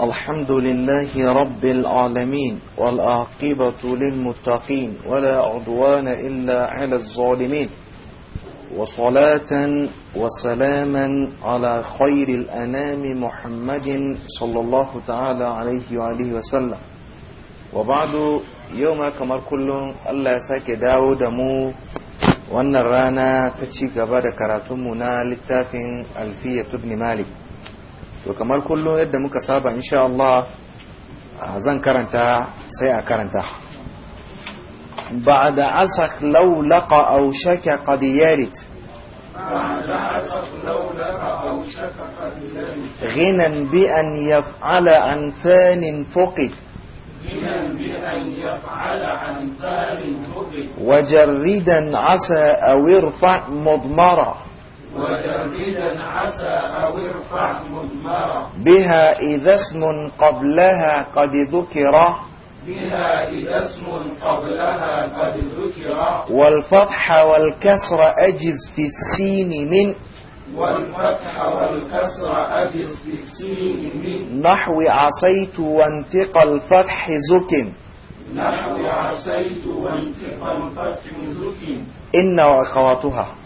الحمد لله رب العالمين والآقبة للمتقين ولا عدوان إلا على الظالمين وصلاة وسلاما على خير الأنام محمد صلى الله تعالى عليه وآله وسلم وبعد يوم كما كل الله ساك داود مو وأن الرانا تشيك بعد كراتمنا لتاف ألفية ابن مالك to kamar kullum yadda muka saba insha Allah zan karanta sai a karanta بعد عسق لو لقى أو شك قد يرد غنى بأن يفعل عن ثان فقد وجردا عسى أو ارفع مضمرا وترميدا عسى أو ارفع مضمرة بها إذا اسم قبلها قد ذكر بها إذا اسم قبلها قد ذكر والفتح والكسر أجز في السين من والفتح والكسر أجز في السين من نحو عصيت وانتقى الفتح زكن نحو عصيت وانتقى الفتح زكن إن وأخواتها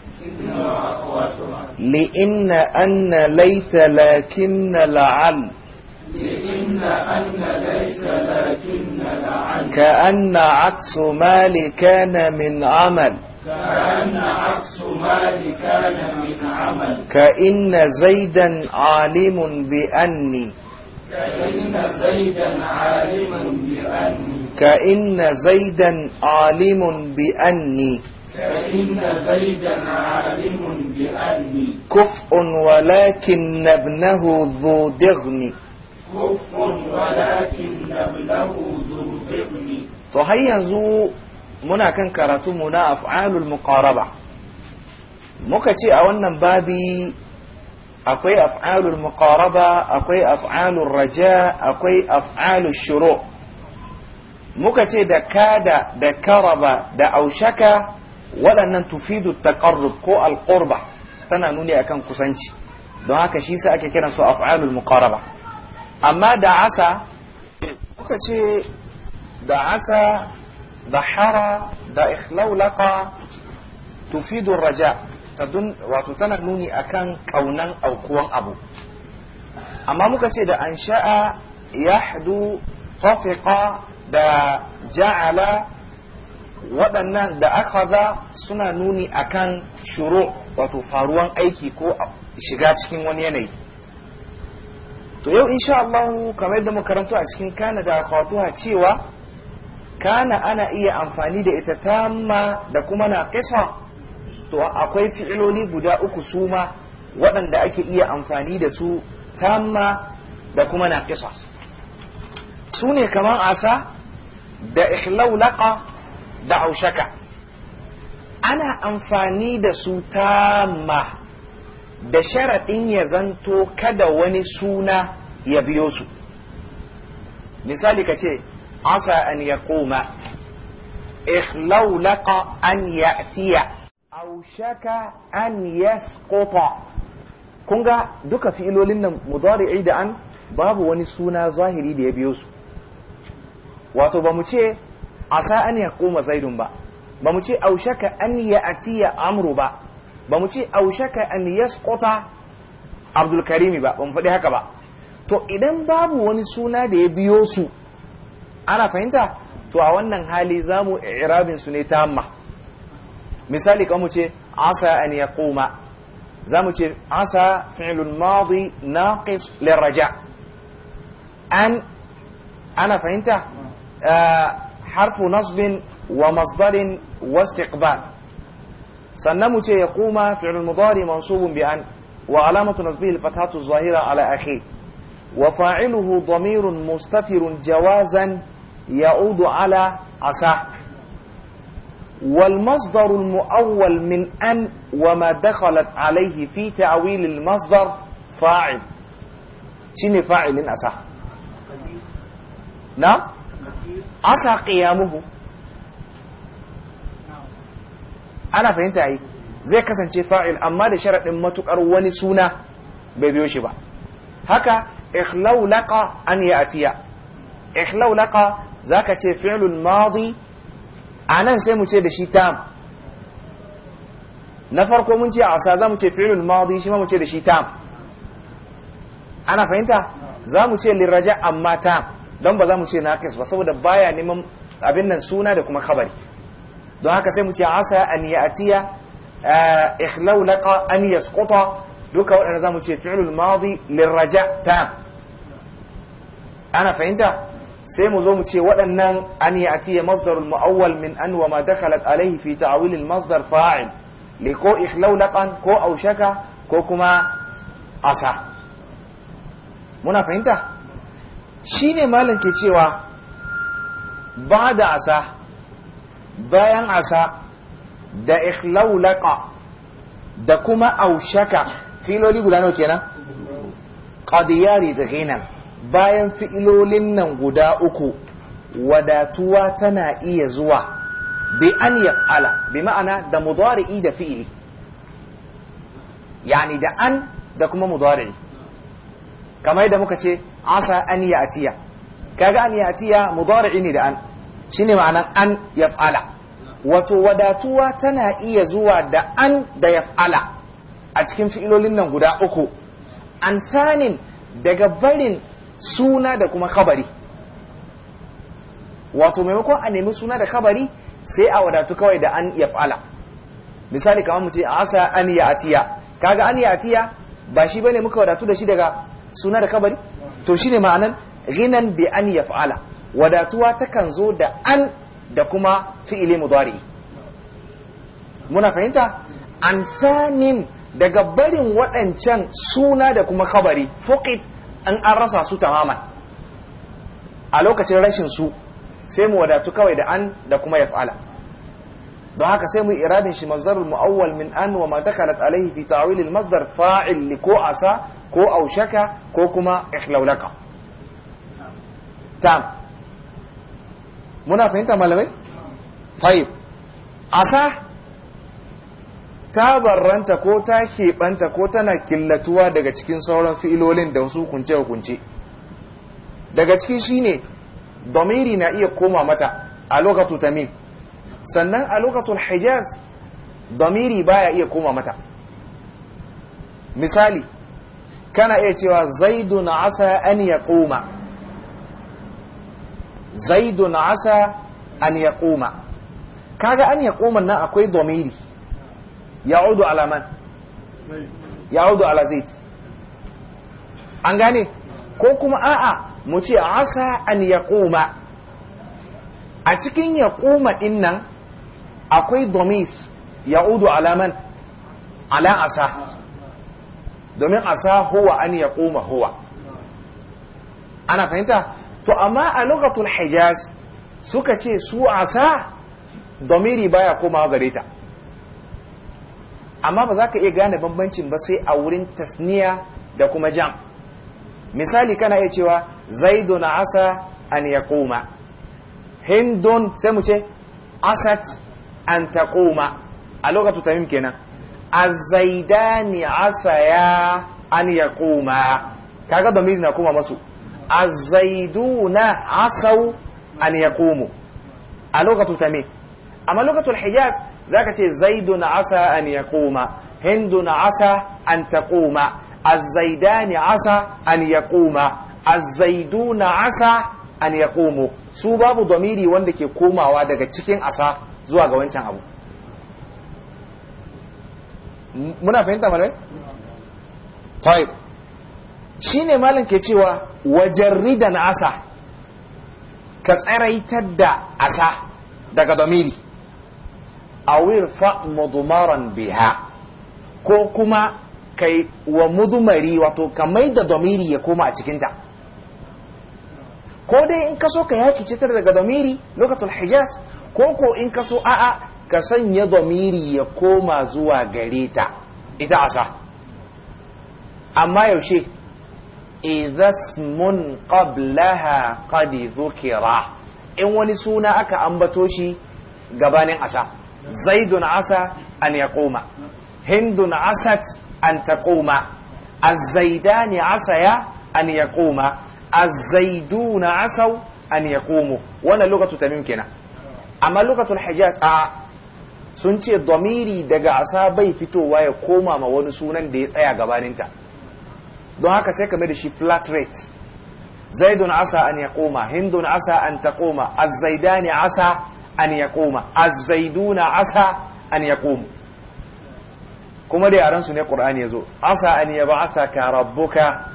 لإن أن ليت لكن لعل لإن أن ليس لكن لعل كأن عكس مال كان من عمل كأن عكس مال كان من عمل كأن زيدا عالم بأني كأن زيدا عالم بأني كأن زيدا عالم بأني فإن زيدا عالم بأهلي كفء ولكن ابنه ذو دغن كفء ولكن ابنه ذو دغن to har yanzu muna kan karatu karatunmu na af'alul muqaraba muka ce a wannan babi akwai af'alul muqaraba akwai af'alul raja akwai af'alul shuru muka ce da kada da karaba da aushaka waɗannan tufidu taqarrub ko alqurba tana nuni akan kusanci don haka shi sa ake kiran su af'alul muqaraba amma da asa kuka ce da asa da hara da ikhlaulaqa tufidu raja tadun wato tana nuni akan kaunan aukuwan abu amma muka ce da ansha'a yahdu tafiqa da ja'ala waɗannan da aka za suna nuni a kan shuru wato faruwan aiki ko shiga cikin wani yanayi to yau insha Allah kamar yadda muka karanto a cikin kana da khatuha cewa kana ana iya amfani da ita tamma da kuma na kisa, to akwai fi'iloli guda uku suma waɗanda ake iya amfani da su tamma da kuma na kisa. su ne kamar asa da ikhlaulaqa da haushaka ana amfani da su tama da sharaɗin ya zanto kada wani suna ya biyo su misali ka ce asa an ya koma ikhlaulaka an tiya aushaka an yasqota kun ga duka fi'ilolin nan mudari'i da an babu wani suna zahiri da ya biyo su wato ba mu ce asa an ya koma zaidun ba ba mu ce aushaka an ya atiya amru ba ba mu ce aushaka an yasquta abdul karimi ba ba mu faɗi haka ba to idan babu wani suna da ya biyo su ana fahimta to a wannan hali za mu irabin su ne amma misali kan mu ce asa an ya koma za mu ce asa fi'lun madi naqis liraja an ana fahimta mm. eh, حرف نصب ومصدر واستقبال سنمو تي يقوم فعل المضارع منصوب بأن وعلامة نصبه الفتحة الظاهرة على أخيه وفاعله ضمير مستتر جوازا يعود على عساه والمصدر المؤول من أن وما دخلت عليه في تعويل المصدر فاعل شنو فاعل إن أصح نعم asa qiyamuhu ana fahimta yi zai kasance fa'il amma da sharaɗin matuƙar wani suna bai biyo shi ba haka ikhlaulaqa an ya atiya ikhlaulaqa zaka ce fi'lul madi anan sai mu ce da shi tam na farko mun ce asa za mu ce fi'lul madi shi ma mu ce da shi tam ana fahimta za mu ce liraja amma tam don ba za mu ce naqis ba saboda baya neman abin nan suna da kuma khabari don haka sai mu ce asa an ya'tiya ikhlau laqa an yasquta duka waɗanda za mu ce fi'lul madi lirraja ta ana fahimta sai mu zo mu ce waɗannan an ya'tiya masdarul mu'awwal min an wa ma dakhalat alayhi fi ta'wil masdar fa'il li ko ikhlau ko aushaka ko kuma asa muna fahimta shi malam ke cewa ba da asa bayan asa da ikhlaulaka da kuma aushaka filoli guda nawa kenan qadiyari da ghinan bayan fi'ilolin nan guda uku wadatuwa tana iya zuwa bi an yaf'ala bi ma'ana da mudari'i da fi'ili yani da an da kuma mudari'i kamar yadda muka ce asa an ya'tiya kaga an ya'tiya mudari'i ne da an shine ma'anan an yaf'ala wato wadatuwa tana iya zuwa da an da yaf'ala a cikin fi'ilolin nan guda uku an sanin daga barin suna da kuma khabari wato maimakon a nemi suna da khabari sai a wadatu kawai da an yaf'ala misali kamar mu ce asa an ya'tiya kaga an atiya ba shi bane muka wadatu da shi daga suna da kabari to shine ma'anan ghinan bi an yaf'ala wadatuwa takan zo da an da kuma fi'ili mudari muna fahimta an sanin daga barin waɗancan suna da kuma kabari fuqit an an rasa su tamaman a lokacin rashin su sai mu wadatu kawai da an da kuma yaf'ala don haka sai mu irabin shi mazdarul mu'awwal min an wa ma dakhalat alaihi fi ta'wil al masdar fa'il li ko asa ko aushaka ko kuma ikhlaulaka tam muna fahimta malamai tayyib asa ta barranta ko ta keɓanta ko tana killatuwa daga cikin sauran fi'ilolin da wasu kunce-kunce daga ciki shine domiri na iya koma mata a lokacin tamim sannan a lokacin hijaz damiri baya iya koma mata misali kana iya cewa zaidun asa an ya koma zaidun asa an ya koma kaga an ya koma nan akwai domiri ya udu alaman ya udu ala zaid an gane ko kuma a'a mu ce asa an ya koma a cikin ya kuma akwai domis ya udu alaman ala asa domin asa huwa an ya kuma huwa ana fahimta to amma a lokacin hijaz suka ce su asa domiri baya komawa gare ta amma ba za ka iya gane bambancin ba sai a wurin tasniya da kuma jam misali kana iya cewa zaidun asa an ya koma hindun sai mu ce asat an taquma a lokacin tamim kenan azaidani asaya an yaquma kaga damiri na kuma masu azaiduna asau an yaqumu a lokacin tamim amma lokacin hijaz zaka ce zaidun asa an yaquma hindun asa an taquma azaidani asa an yaquma azaiduna asa an komo su babu damiri wanda ke komawa daga cikin asa zuwa ga wancan abu muna fahimta malamai Shi ne malam ke cewa wajen wajarridan asa ka tsaraitar da asa daga domiri. A wirfa mudumaran biha ko kuma kai wa mudumari wato ka mai da domiri ya koma a cikinta ko dai in ka so ka yaki citar daga domiri lokacin hijaz ko ko in ka so a'a ka sanya domiri ya koma zuwa gare ta ita asa amma yaushe idasmun qablaha qad dhukira in wani suna aka ambato shi gabanin asa zaidun asa an yaquma hindun asat an taquma az-zaidani asaya an yaquma azzaiduna asau an komo wannan lokacin tamim kenan amma lokacin hijaz a sun ce domiri daga asa bai fitowa ya koma ma wani sunan da ya tsaya gabaninta don haka sai kame da shi flat rate zaidun asa an ya koma hindun asa an ta koma azzaidani asa an ya koma azzaiduna asa an ya komo kuma da yaransu ne ƙur'ani ya zo asa an ya asa ka rabbuka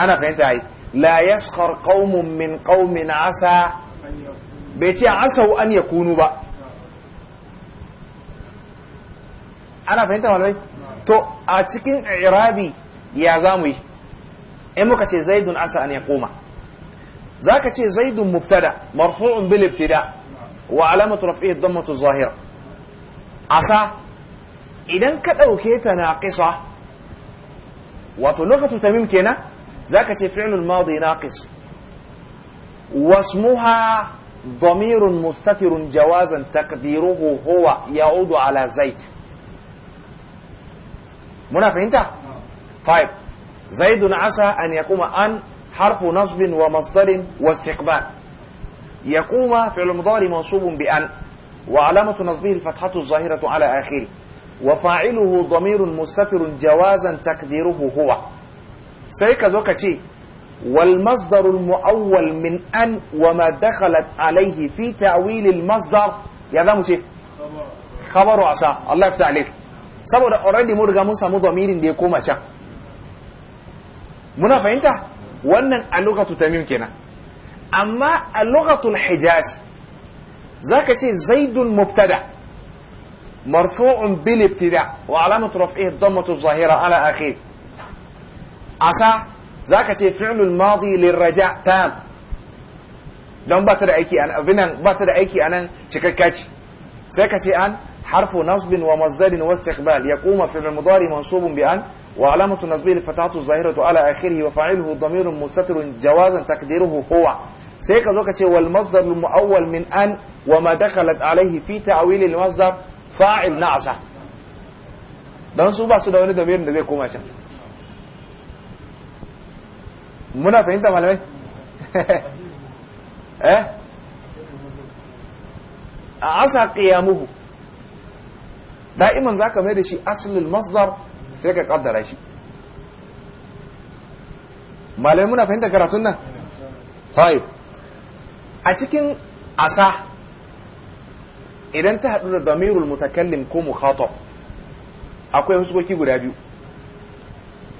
أنا فهمت عايز لا يسخر قوم من قوم عسى بيتي عسى أن يكونوا بقى أنا فهمت ما لدي تو أتكين إرادي يا زامي إمو كتي زيد عسى أن يقوم ذاك تي زيد مبتدا مرفوع بالابتداء وعلامة رفعه الضمة الظاهرة عسى إذا كتو كي تناقصة وتنغة تميم كينا ذاك فعل الماضي ناقص واسمها ضمير مستتر جوازا تقديره هو يعود على زيد منا فهمت طيب زيد عسى أن يقوم أن حرف نصب ومصدر واستقبال يقوم فعل مضارع منصوب بأن وعلامة نصبه الفتحة الظاهرة على آخره وفاعله ضمير مستتر جوازا تقديره هو sai ka zo ka ce wal masdarul mu'awwal min an wa ma dakhalat alayhi fi ta'wil al masdar ya zamu ce khabaru asa Allah ya fita saboda already mun riga mun samu domirin da ya koma can muna fahimta wannan a lokacin tamim kenan amma a lokacin hijaz zaka ce zaidun mubtada' مرفوع بالابتداء وعلامة رفعه الضمة الظاهرة على أخيه asa zaka ce fi'lul madi lirraja tam don ba ta da aiki abinan ba ta da aiki anan cikakka ce sai ka ce an harfu nasbin wa masdarin wa istiqbal yaquma fi'l mudari mansubun bi an wa alamatu nasbihi fatatu zahiratu ala akhirih wa fa'iluhu damirun mustatirun jawazan taqdiruhu huwa sai ka zo ka ce wal masdar al muawwal min an wa ma dakhalat alayhi fi ta'wil al masdar fa'il asa dan su ba su da wani damirin da zai koma can muna fahimta malamai eh a asa qiyamuhu da'iman zaka mai da shi aslul masdar sai ka kaddara shi malamai muna fahimta karatun nan a cikin asa idan ta haɗu da damirul mutakallin ko mukhatab akwai huskoki guda biyu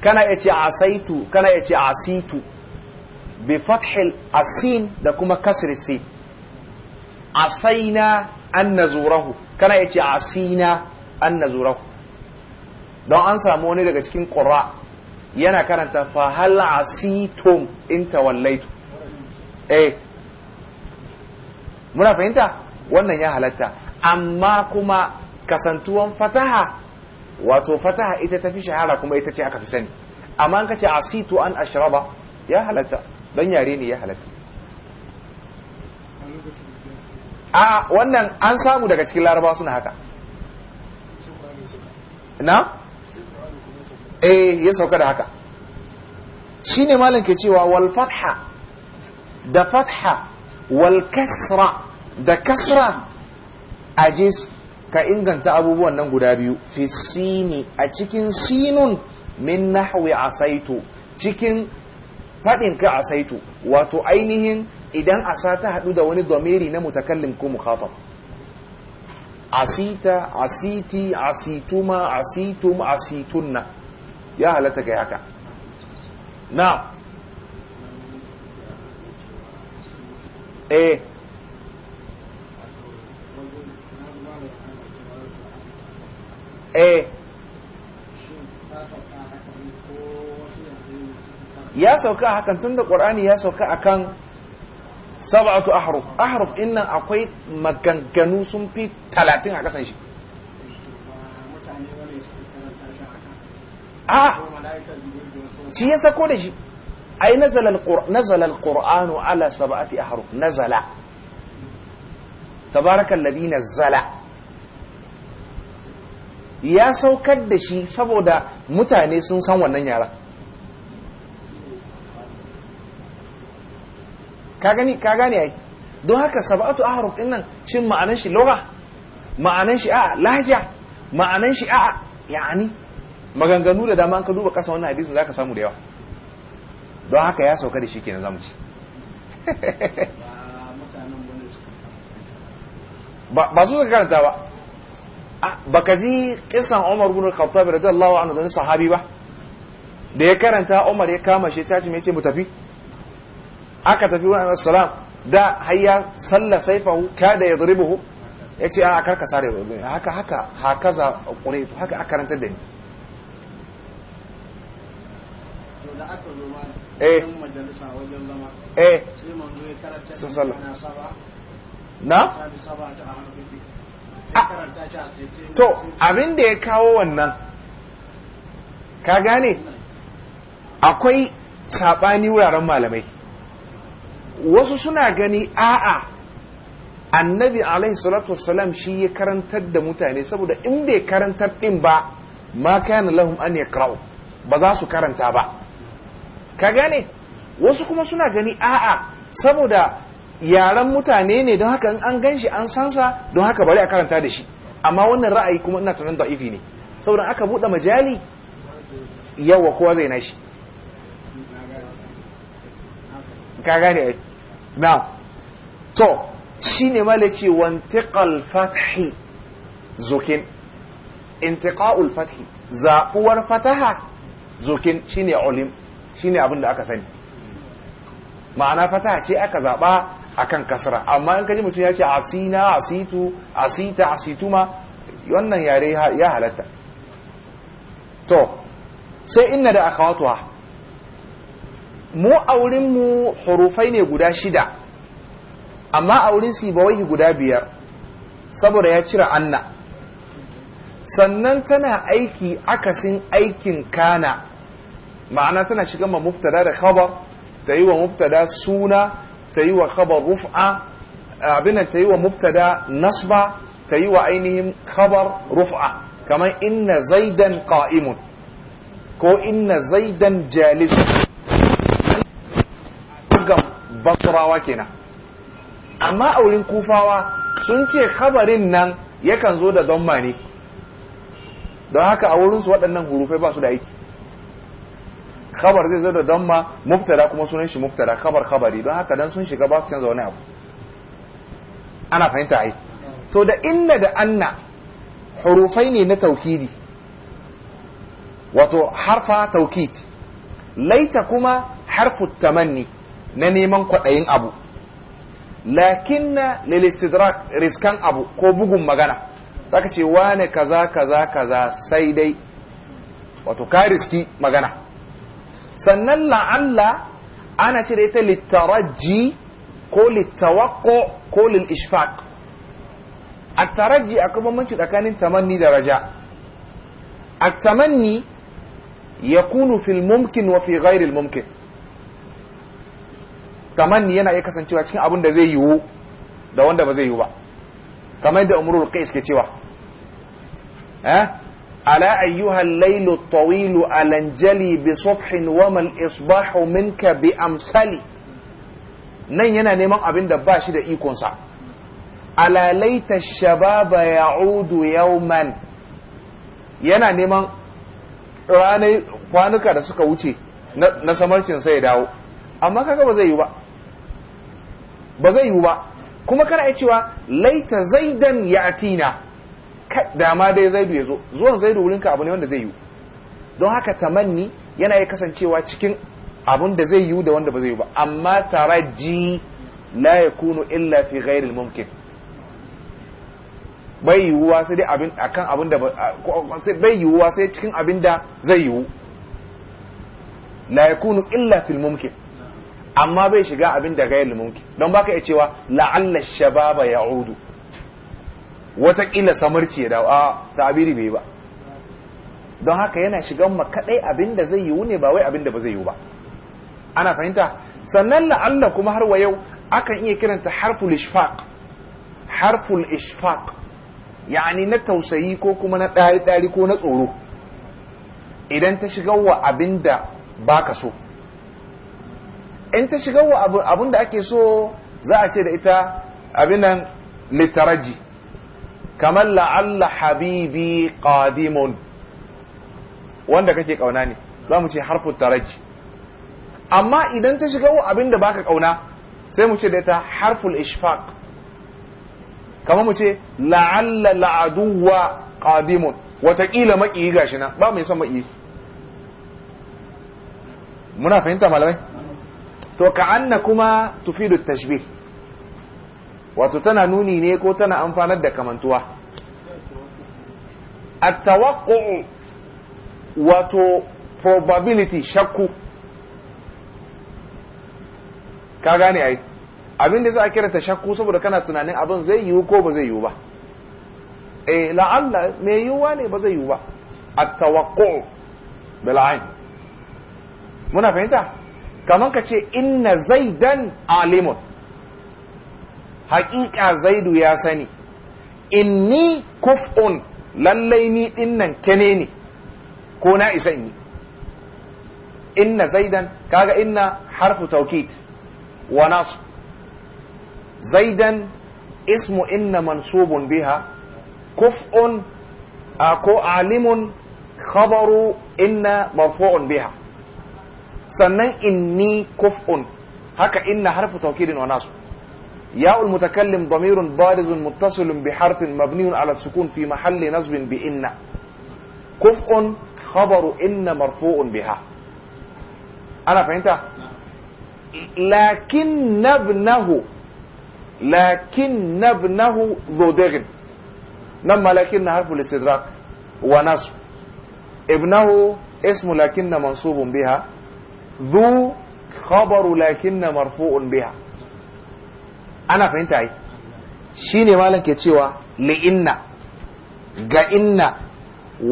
kana ya ce asaitu kana ya asitu bi fathil asin da kuma kasri si asaina an nazurahu kana ya asina an nazurahu don an samu wani daga cikin ƙura yana karanta fa hal asitum in tawallaitu eh muna fahimta wannan ya halatta amma kuma kasantuwan fataha wato fataha ita ta fi shahara kuma ita ce aka fi sani amma an kace asitu an ashraba ya halatta dan yare ne ya halatta a wannan an samu daga cikin laraba suna haka na eh ya sauka da haka shine malam ke cewa wal fatha da fatha wal kasra da kasra ajis ka inganta abubuwan nan guda biyu fi sini a cikin sinun min nahwi asaitu cikin faɗin ka asaitu wato ainihin idan asa ta haɗu da wani domeri na mutakallim ko mukhatab asita asiti asituma asitum asitunna ya halatta kai haka na eh eh ya sauka a hakan da qur'ani ya sauka a akan sab'atu ahruf ahruf innan akwai maganganu sun fi talatin a kasan shi a ah! shi ya sako da shi ai nazala alqur'anu ala sab'ati ahruf nazala tabaraka alladhi nazzala ya saukar da shi saboda mutane sun san wannan yara ka gani ya yi don haka sab'atu ahruf din nan shin ma'anan shi lugha ma'anan shi a lahja ma'anan shi a yani maganganu da dama an ka duba kasa wannan hadisin zaka samu da yawa don haka ya sauka da shi kenan zamu ci ba su suka karanta ba Ah, baka ji kisan Umar ibn Khattab radiyallahu anhu da sahabi ba da ya karanta Umar ya kama shi ta ce me ce mu tafi aka tafi wa Annabi sallam da hayya salla saifahu kada yadribuhu yace a karka sare haka haka hakaza kure haka aka karanta da ni eh eh sun sallah na Ah. to abin da ya kawo wannan ka gane akwai saɓani wuraren malamai wasu suna gani a'a annabi alaihi salatu wasalam shi ya karantar da mutane saboda in bai karantar din ba ma kana lahum an yaqra'u ba za su karanta ba ka gane wasu kuma suna gani a'a saboda yaren mutane ne don haka in an gan shi an sansa don haka bari a karanta da shi amma wannan ra'ayi kuma ina tunanin ifi ne saboda aka buɗe majali yawa kowa zai nashi ka gane ai na to shine ma lace wantiqal fathi zokin intiƙa'ul fathi zabuwar fataha zukin shine Shi ne abin da aka sani ma'ana fataha ce aka zaɓa. akan kasra amma in kaji mutum ya ce asina asitu asita asituma wannan yare ya halatta to sai inna da akhawatuha mu aurin mu hurufai ne guda shida amma aurin sibawai guda biyar saboda ya cire anna sannan tana aiki akasin aikin kana ma'ana tana shiga ma mubtada da khabar ta yi wa mubtada suna ta yi wa khabar rufa abinan ta yi wa mubtada nasba ta yi wa ainihin khabar rufa kamar inna zaidan qa'imun ko inna zaidan jalis gam basrawa kenan amma aurin kufawa sun ce khabarin nan yakan zo da don ne don haka a wurinsu waɗannan hurufai ba su da aiki khabar zai zo da damma Muftara kuma sunan shi mubtada khabar khabari don haka dan sun shiga ba su canza wani abu ana fahimta ai to da inna da anna hurufai ne na taukidi wato harfa taukid laita kuma harfu tamanni na neman kwaɗayin abu lakin na istidrak riskan abu ko bugun magana zaka ce wane kaza kaza kaza sai dai wato ka riski magana sannan la'alla ana ce ta ita littaraji ko littawakko ko lil'ishfaq a taraji akwai bambanci tsakanin tamanni da raja a tamanni ya kunu fil mumkin wa fi ghairil mumkin tamanni yana iya kasancewa cikin abin da zai yiwu da wanda ba zai yiwu ba kamar da umarul qais ke cewa eh? Ala أيها Lailu Tawilu ألنجلي بصبح Wamal الإصباح Bi Amsali. nan yana neman abin da ba shi da ikonsa alalaita shababa ya udu yana neman ranar kwanuka da suka wuce na samarcin sai ya dawo amma kaga ba zai yi ba ba zai yi ba kuma kana yi cewa laita zaidan ya dama dai zaidu ya zo zuwan zaidu wurinka abu ne wanda zai yiwu don haka tamanni yana ya kasancewa cikin abun da zai yiwu da wanda ba zai yiwu ba amma taraji la yakunu illa fi ghairil mumkin bai yiwuwa sai dai abin akan abin da bai yiwuwa sai cikin abin da zai yiwu la yakunu illa fil mumkin amma bai shiga abin da gairil mumkin don baka iya cewa la'alla shababa ya'udu watakila samarci ya dawo a ta'abiri bai ba don haka yana shigan ma kaɗai abin da zai yiwu ne ba wai abin da ba zai yiwu ba ana fahimta sannan Allah kuma har wa yau akan iya kiranta harful ishfaq harful ishfaq yani na tausayi ko kuma na ɗari-ɗari ko na tsoro idan ta shiga wa abin da ba ka so in ta shiga wa abin da ake so za a ce da ita abin nan litaraji kamar la'alla habibi qadimun wanda kake kauna ne za mu ce harfu taraji amma idan ta shiga abin da baka kauna sai mu ce da ta harful ishfaq kamar mu ce la'alla la'aduwa qadimun wataƙila maƙiyi gashi na ba mai son maƙiyi muna fahimta malamai to ka anna kuma tufidu tashbih wato tana nuni ne ko tana amfanar da kamantuwa at-tawaqqu'u wato probability shakku ka gane ai abin da za a kira ta shakku saboda kana tunanin abin zai yiwu ko ba zai yiwu ba eh la'alla mai yiwuwa ne ba zai yiwu ba at-tawaqqu bil ayn muna fahimta kaman ka ce inna zaidan alimun haƙiƙa zaidu ya sani inni kuf'un lallai ni dinnan kene ne ko na isa in yi inna zaidan kaga inna harfu taukid wa nas zaidan ismu inna mansubun biha kuf'un ko alimun khabaru inna marfu'un biha sannan inni kuf'un haka inna harfu taukidin wa nasu ياء المتكلم ضمير بارز متصل بحرف مبني على السكون في محل نصب بإن كفء خبر إن مرفوع بها أنا فهمت لكن ابنه لكن ابنه ذو دغن لما لكن حرف الاستدراك ونصب ابنه اسم لكن منصوب بها ذو خبر لكن مرفوع بها ana fahimta ai ne malam ke cewa li'inna ga inna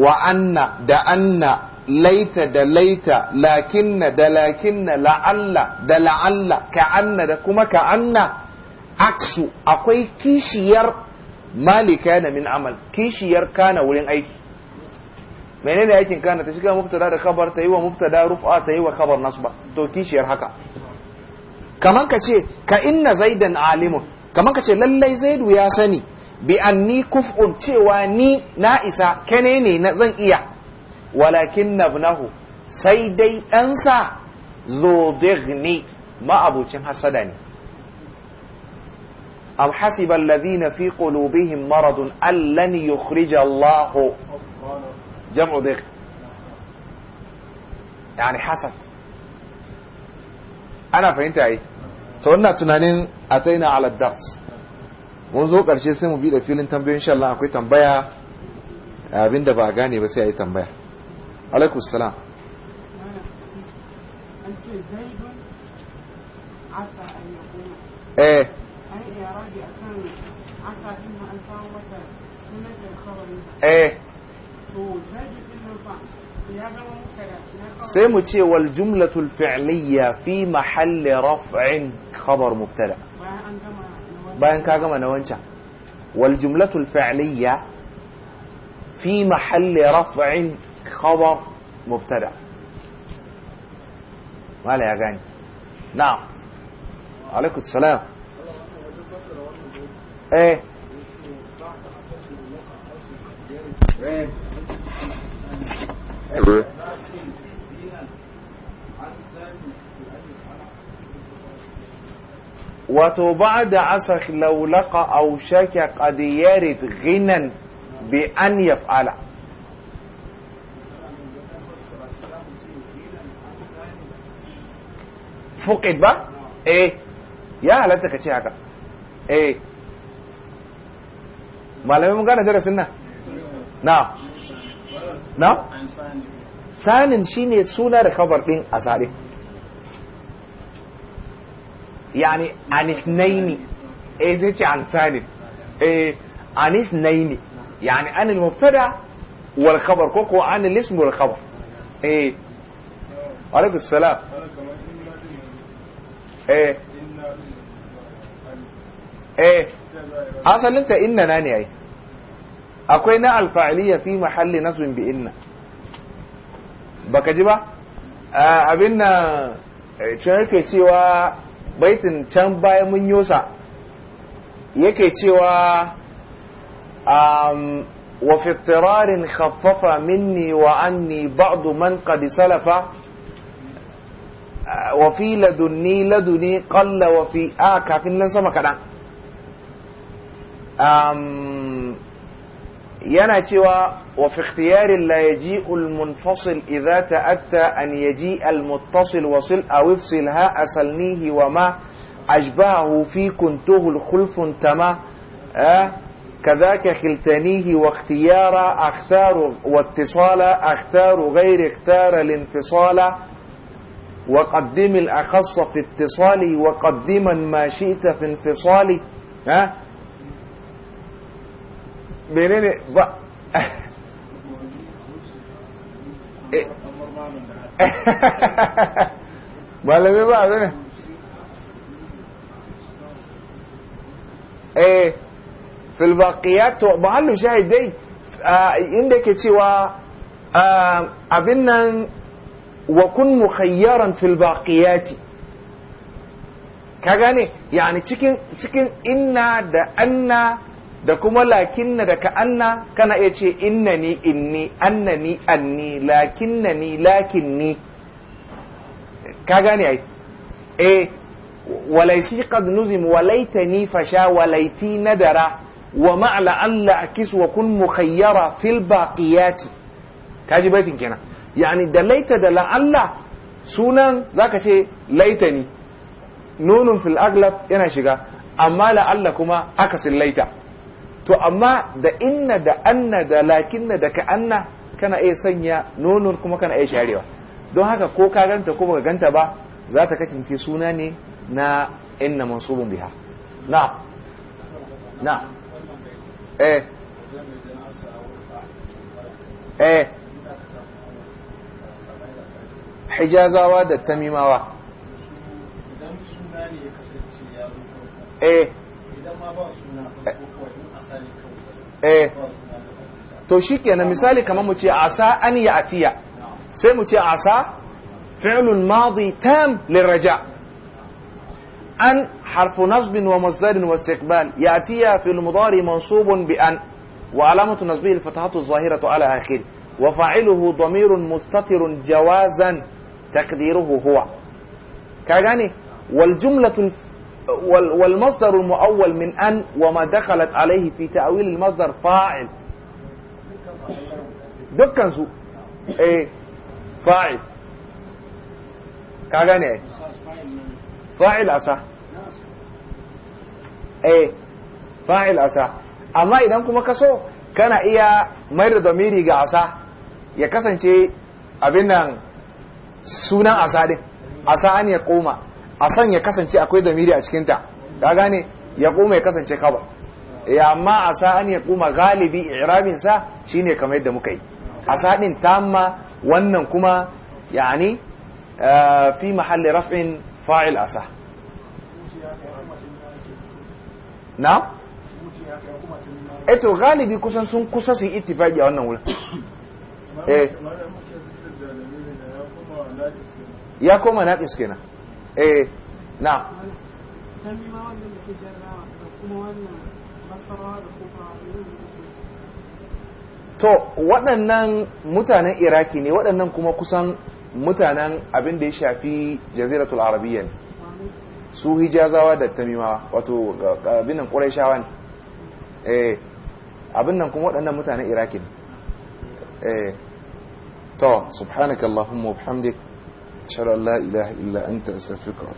wa anna da anna laita da laita lakinna da lakinna la'alla da la'alla ka'anna da kuma ka'anna aksu akwai kishiyar malika na min amal kishiyar kana wurin aiki menene aikin kana ta shiga mubtada da khabar ta yi wa mubtada rufa ta yi wa khabar nasba to kishiyar haka kaman ka ce ka inna zaidan alimun kaman ka ce lallai zaidu ya sani bi anni kuf'un cewa ni na isa kane ne na zan iya walakin nabnahu sai dai ɗansa zodirni ma'abucin hasada ne am hasiba alladhina fi qulubihim maradun allan yukhrija Allah jam'u dhik yani hasad ana fahimta yi to ina tunanin a taina ala mun zo karshe sai mu bi da filin tambayoyin insha Allah akwai tambaya abinda ba gane ba sai a yi tambaya alaikum salam eh eh سي متي والجملة الفعلية في محل رفع خبر مبتدا باين كاغما نوانشا والجملة الفعلية في محل رفع خبر مبتدا مالا يا غاني نعم عليكم السلام ايه وتبعد عسك لو لقى او شك قد يرد غنا بان يفعل فقد با ايه يا هل انت كتي هكا ايه ما لم يمكن ان نعم نعم sanin shine suna da kabar ɗin a sare yani anis naini E, eh, zai ce an sanin e eh, anis naini yani anil al-mubtada wal khabar ko ko anil al-ism wal khabar e alaikum salam e e asalin ta inna na ne ai akwai na alfa'aliyya fi mahalli nasbin bi inna baka ji ba abin nan eh, can yake cewa baitin can bayan mun yosa yake cewa wa fi tirarin khaffafa minni wa anni ba'du man qad salafa eh, wa fi laduni qalla wa fi a kafin nan sama kaɗan yana cewa wa fi ikhtiyari la yaji'u al-munfasil idza ta'atta an yaji al-muttasil wasil aw ifsil ha asalnihi wa ma ajbahu fi kuntuhu al khulf tama كذاك خلتانيه واختيار اختار واتصال اختار غير اختار الانفصال وقدم الاخص في اتصالي وقدما ما شئت في انفصالي ها menene ba eh. malamai ba a zane eh filbaƙiyar to mahallin dai. inda ke cewa abin nan wa kun mukhayyaran filbaƙiyati ka gane yani cikin inna da anna da kuma lakinna da ka'anna kana iya ce innani inni anni ka gane ai eh walaisi qad nuzim walaitani fasha walaiti nadara wa ma'la alla akis wa kun mukhayyara fil baqiyati kaji baitin kenan yani da laita da la'alla sunan zaka ce laitani nunun fil aglab yana shiga amma la'alla kuma akasin laita to amma da inna da anna da lakinna da ka anna kana iya sanya nonon kuma kana iya sharewa don haka ko ka ganta ko baka ganta ba za ta kacince suna ne na inna mansubun biha na na eh eh hijazawa da tamimawa idan suna ne ya kasance ya zo eh idan ma ba suna eh to shikenan misali kamar mu ce asa an ya atiya sai mu ce asa fi'lun madi tam liraja an harfu nasb wa mazdar wa istiqbal ya atiya fi'l mudari mansub bi an wa alamatu nasbihi al-fathatu adh-dhahiratu ala akhir wa fa'iluhu damirun mustatirun jawazan taqdiruhu huwa ka gane wal jumlatu والمصدر المؤول من أن وما دخلت عليه في تأويل المصدر فاعل دكان سو إيه فاعل كاغاني إيه فاعل أصح إيه فاعل أصح أما إذا كما كسو كان إيا مير دميري أصح يكسن شيء أبنان سنة دي أصح أن يقوم a san ya kasance akwai damiri a cikinta ka gane ya kuma ya kasance kabar ya eh, amma a sa an ya kuma galibi irabin shi shine kamar yadda muka yi a sa din tamma wannan kuma ya yani eh, fi mahalli raf'in fa'il sa na eto eh, galibi kusan sun kusa su yi ittifaqi a wannan wurin ya koma naqis kenan eh to waɗannan mutanen iraki ne waɗannan kuma kusan mutanen abin da ya shafi jaziratul arabiyya su hijazawa da tamimawa wato abin nan ƙuraishawa ne eh abin nan kuma waɗannan mutanen iraki ne eh to subhanakallahumma wa bihamdika أشهد أن لا إله إلا أنت أستغفرك